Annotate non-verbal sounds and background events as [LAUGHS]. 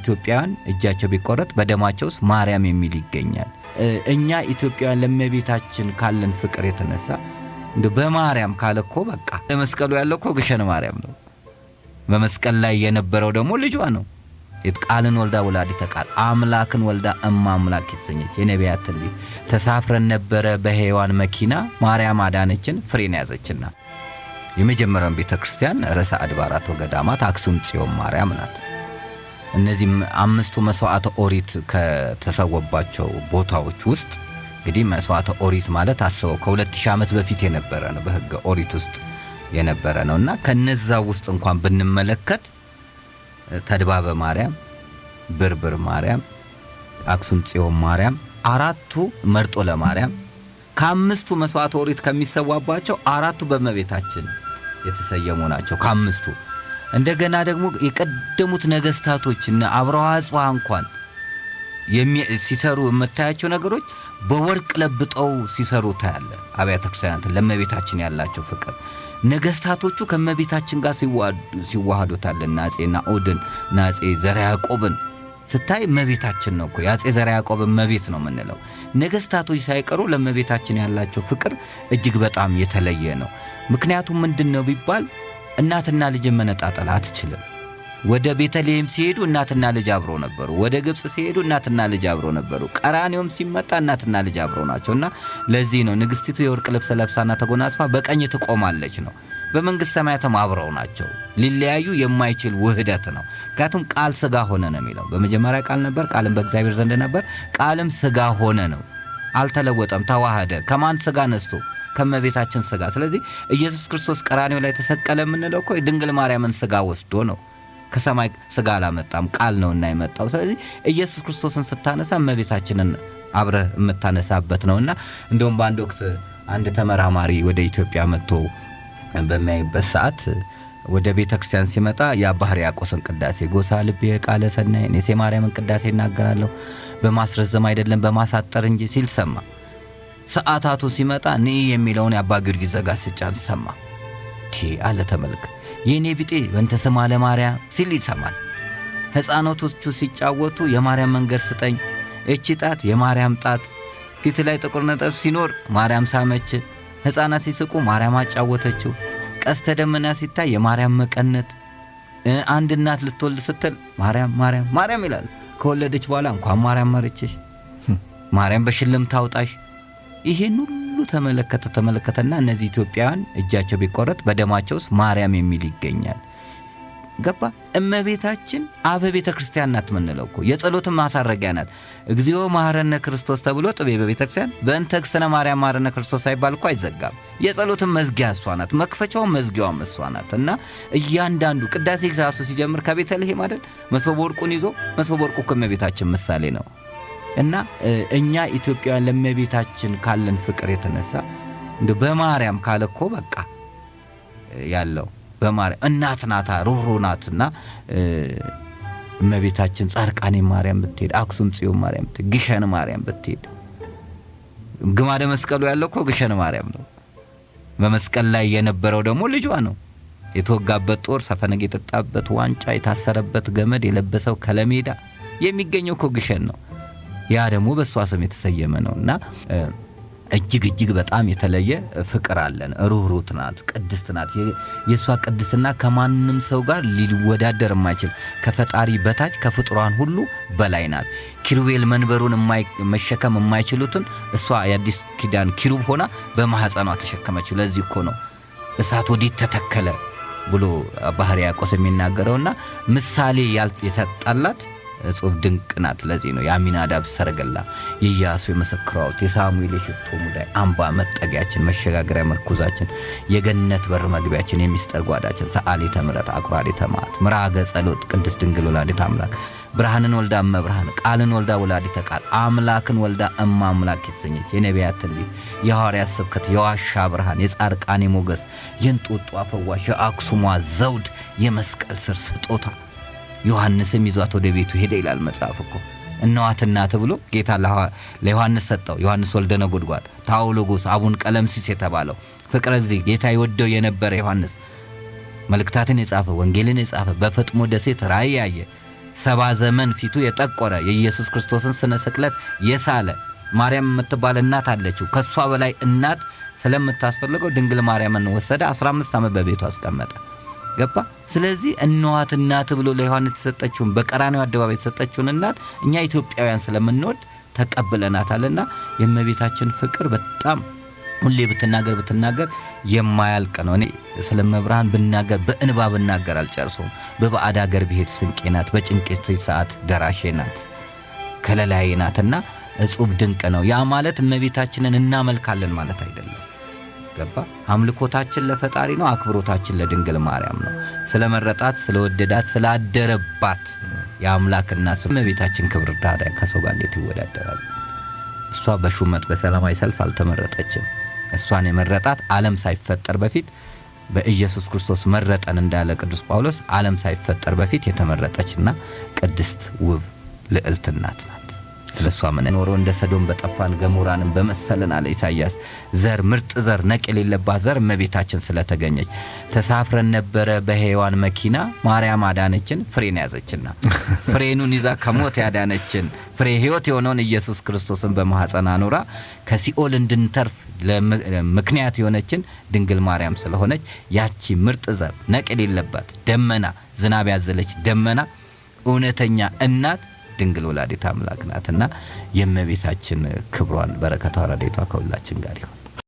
ኢትዮጵያውያን እጃቸው ቢቆረጥ በደማቸው ውስጥ ማርያም የሚል ይገኛል። እኛ ኢትዮጵያውያን ለመቤታችን ካለን ፍቅር የተነሳ እንደ በማርያም ካለ እኮ በቃ ለመስቀሉ ያለው እኮ ግሸን ማርያም ነው። በመስቀል ላይ የነበረው ደግሞ ልጇ ነው። ቃልን ወልዳ ወላዲተ ቃል አምላክን ወልዳ እማ አምላክ የተሰኘች የነቢያት ትንቢት ተሳፍረን ነበረ በሔዋን መኪና ማርያም አዳነችን ፍሬን ያዘችና የመጀመሪያውን ቤተ ክርስቲያን ርዕሰ አድባራት ወገዳማት አክሱም ጽዮን ማርያም ናት። እነዚህም አምስቱ መስዋዕተ ኦሪት ከተሰወባቸው ቦታዎች ውስጥ እንግዲህ መስዋዕተ ኦሪት ማለት አስበው ከሁለት ሺህ ዓመት በፊት የነበረ ነው። በሕገ ኦሪት ውስጥ የነበረ ነው እና ከነዛ ውስጥ እንኳን ብንመለከት ተድባበ ማርያም፣ ብርብር ማርያም፣ አክሱም ጽዮን ማርያም አራቱ መርጦ ለማርያም ከአምስቱ መስዋዕተ ኦሪት ከሚሰዋባቸው አራቱ በእመቤታችን የተሰየሙ ናቸው ከአምስቱ እንደገና ደግሞ የቀደሙት ነገስታቶች እነ አብረሃ አጽብሃ እንኳን ሲሰሩ የምታያቸው ነገሮች በወርቅ ለብጠው ሲሰሩ ታያለ። አብያተ ክርስቲያናት ለመቤታችን ያላቸው ፍቅር ነገስታቶቹ ከመቤታችን ጋር ሲዋሃዱ ታለና ናኦድን እና አፄ ዘርዓ ያዕቆብን ስታይ መቤታችን ነው እኮ የአፄ ዘርዓ ያዕቆብ መቤት ነው የምንለው። ነገስታቶች ሳይቀሩ ለመቤታችን ያላቸው ፍቅር እጅግ በጣም የተለየ ነው። ምክንያቱም ምንድን ነው ቢባል እናትና ልጅን መነጣጠል አትችልም። ወደ ቤተልሔም ሲሄዱ እናትና ልጅ አብሮ ነበሩ። ወደ ግብፅ ሲሄዱ እናትና ልጅ አብሮ ነበሩ። ቀራኔውም ሲመጣ እናትና ልጅ አብሮ ናቸው እና ለዚህ ነው ንግሥቲቱ የወርቅ ልብስ ለብሳና ተጎናጽፋ በቀኝ ትቆማለች ነው። በመንግስት ሰማያትም አብረው ናቸው። ሊለያዩ የማይችል ውህደት ነው። ምክንያቱም ቃል ሥጋ ሆነ ነው የሚለው። በመጀመሪያ ቃል ነበር፣ ቃልም በእግዚአብሔር ዘንድ ነበር፣ ቃልም ሥጋ ሆነ ነው። አልተለወጠም፣ ተዋህደ ከማን ሥጋ ነስቶ ከመቤታችን ስጋ። ስለዚህ ኢየሱስ ክርስቶስ ቀራኔው ላይ ተሰቀለ የምንለው እኮ የድንግል ማርያምን ስጋ ወስዶ ነው። ከሰማይ ስጋ አላመጣም፣ ቃል ነውና የመጣው። ስለዚህ ኢየሱስ ክርስቶስን ስታነሳ እመቤታችንን አብረህ የምታነሳበት ነውና እንደውም በአንድ ወቅት አንድ ተመራማሪ ወደ ኢትዮጵያ መጥቶ በሚያይበት ሰዓት ወደ ቤተ ክርስቲያን ሲመጣ የአባ ሕርያቆስን ቅዳሴ ጎሳ ልቤ ቃለ ሰናይን የሴ ማርያምን ቅዳሴ ይናገራለሁ በማስረዘም አይደለም በማሳጠር እንጂ ሲል ሰማ። ሰዓታቱ ሲመጣ ንኢ የሚለውን የአባ ጊዮርጊስ ዘጋስጫን ሰማ። ቲ አለ ተመልክ የእኔ ቢጤ በእንተ ስማ ለማርያም ሲል ይሰማል። ሕፃኖቶቹ ሲጫወቱ የማርያም መንገድ ስጠኝ፣ እቺ ጣት የማርያም ጣት፣ ፊት ላይ ጥቁር ነጥብ ሲኖር ማርያም ሳመች፣ ሕፃናት ሲስቁ ማርያም አጫወተችው፣ ቀስተ ደመና ሲታይ የማርያም መቀነት፣ አንድ እናት ልትወልድ ስትል ማርያም ማርያም ማርያም ይላል። ከወለደች በኋላ እንኳን ማርያም መርችሽ፣ ማርያም በሽልም ታውጣሽ ይሄን ሁሉ ተመለከተ ተመለከተና እነዚህ ኢትዮጵያውያን እጃቸው ቢቆረጥ በደማቸው ውስጥ ማርያም የሚል ይገኛል። ገባ እመቤታችን አበ ቤተ ክርስቲያን ናት ምንለው እኮ የጸሎትን ማሳረጊያ ናት። እግዚኦ ማረነ ክርስቶስ ተብሎ ጥቤ በቤተ ክርስቲያን በእንተ እግዝእትነ ማርያም ማረነ ክርስቶስ ሳይባል እኮ አይዘጋም። የጸሎትን መዝጊያ እሷ ናት፣ መክፈቻውን መዝጊያዋም እሷ ናት። እና እያንዳንዱ ቅዳሴ ራሱ ሲጀምር ከቤተልሔም አይደል መሶበ ወርቁን ይዞ መሶበ ወርቁ እኮ እመቤታችን ምሳሌ ነው። እና እኛ ኢትዮጵያውያን ለእመቤታችን ካለን ፍቅር የተነሳ እንደ በማርያም ካለ እኮ በቃ ያለው በማርያም እናት ናታ ሩህሩህ ናትና እመቤታችን ጻርቃኔ ማርያም ብትሄድ፣ አክሱም ጽዮን ማርያም ብትሄድ፣ ግሸን ማርያም ብትሄድ፣ ግማደ መስቀሉ ያለው እኮ ግሸን ማርያም ነው። በመስቀል ላይ የነበረው ደግሞ ልጇ ነው። የተወጋበት ጦር፣ ሰፈነግ የጠጣበት ዋንጫ፣ የታሰረበት ገመድ፣ የለበሰው ከለሜዳ የሚገኘው እኮ ግሸን ነው። ያ ደግሞ በእሷ ስም የተሰየመ ነው እና እጅግ እጅግ በጣም የተለየ ፍቅር አለን። ሩህሩት ናት፣ ቅድስት ናት። የእሷ ቅድስና ከማንም ሰው ጋር ሊወዳደር የማይችል ከፈጣሪ በታች ከፍጥሯን ሁሉ በላይ ናት። ኪሩቤል መንበሩን መሸከም የማይችሉትን እሷ የአዲስ ኪዳን ኪሩብ ሆና በማኅፀኗ ተሸከመችው። ለዚህ እኮ ነው እሳት ወዴት ተተከለ ብሎ ባሕርያ ቆስ የሚናገረውና ምሳሌ የተጣላት እጹብ ድንቅ ናት። ለዚህ ነው የአሚናዳብ ሰረገላ፣ የኢያሱ የመሰክራዎት፣ የሳሙኤል የሽቶ ሙዳይ አምባ መጠጊያችን፣ መሸጋገሪያ መርኩዛችን፣ የገነት በር መግቢያችን፣ የሚስጠር ጓዳችን፣ ሰዓሊተ ምሕረት፣ አቁራሪተ መዓት፣ ምራገ ጸሎት፣ ቅድስት ድንግል ወላዲተ አምላክ፣ ብርሃንን ወልዳ እመብርሃን፣ ቃልን ወልዳ ወላዲተ ቃል፣ አምላክን ወልዳ እማ አምላክ የተሰኘች የነቢያት ትንቢት፣ የሐዋርያት ስብከት፣ የዋሻ ብርሃን፣ የጻድቃኔ ሞገስ፣ የእንጦጦ ፈዋሽ፣ የአክሱሟ ዘውድ፣ የመስቀል ስር ስጦታ ዮሐንስም ይዟት ወደ ቤቱ ሄደ ይላል መጽሐፍ እኮ እነዋት እናት ብሎ ጌታ ለዮሐንስ ሰጠው። ዮሐንስ ወልደ ነጎድጓድ ታውሎጎስ፣ አቡን ቀለምሲስ የተባለው ፍቅረ እግዚእ ጌታ ይወደው የነበረ ዮሐንስ መልእክታትን የጻፈ ወንጌልን የጻፈ በፍጥሞ ደሴት ራእይ ያየ ሰባ ዘመን ፊቱ የጠቆረ የኢየሱስ ክርስቶስን ስነ ስቅለት የሳለ ማርያም የምትባል እናት አለችው። ከእሷ በላይ እናት ስለምታስፈልገው ድንግል ማርያምን ወሰደ። 15 ዓመት በቤቱ አስቀመጠ። ገባ። ስለዚህ እንዋት እናት ብሎ ለዮሐንስ የተሰጠችውን በቀራንዮ አደባባይ የተሰጠችውን እናት እኛ ኢትዮጵያውያን ስለምንወድ ተቀብለናታልና የእመቤታችን ፍቅር በጣም ሁሌ ብትናገር ብትናገር የማያልቅ ነው። እኔ ስለ መብርሃን ብናገር በእንባ ብናገር አልጨርሰውም። በባዕድ አገር ብሄድ ስንቄ ናት፣ በጭንቄት ሰዓት ደራሼ ናት፣ ከለላዬ ናትና እጹብ ድንቅ ነው። ያ ማለት እመቤታችንን እናመልካለን ማለት አይደለም። ገባ። አምልኮታችን ለፈጣሪ ነው። አክብሮታችን ለድንግል ማርያም ነው። ስለመረጣት ስለወደዳት ስላደረባት የአምላክና እናት እመቤታችን ክብር ታዲያ ከሰው ጋር እንዴት ይወዳደራል? እሷ በሹመት በሰላማዊ ሰልፍ አልተመረጠችም። እሷን የመረጣት ዓለም ሳይፈጠር በፊት በኢየሱስ ክርስቶስ መረጠን እንዳለ ቅዱስ ጳውሎስ ዓለም ሳይፈጠር በፊት የተመረጠችና ቅድስት ውብ ልዕልት እናት ናት። ስለሷ ምን ኖሮ እንደ ሰዶም በጠፋን ገሞራንም በመሰለን አለ ኢሳይያስ። ዘር ምርጥ ዘር ነቅ የሌለባት ዘር እመቤታችን ስለተገኘች ተሳፍረን ነበረ በሔዋን መኪና ማርያም አዳነችን፣ ፍሬን ያዘችና [LAUGHS] ፍሬኑን ይዛ ከሞት ያዳነችን ፍሬ ሕይወት የሆነውን ኢየሱስ ክርስቶስን በማኅፀን አኑራ ከሲኦል እንድንተርፍ ምክንያት የሆነችን ድንግል ማርያም ስለሆነች ያቺ ምርጥ ዘር ነቅ የሌለባት ደመና ዝናብ ያዘለች ደመና እውነተኛ እናት ድንግል ወላዲት አምላክ ናትና የእመቤታችን ክብሯን በረከቷ ረዴቷ ከሁላችን ጋር ይሁን።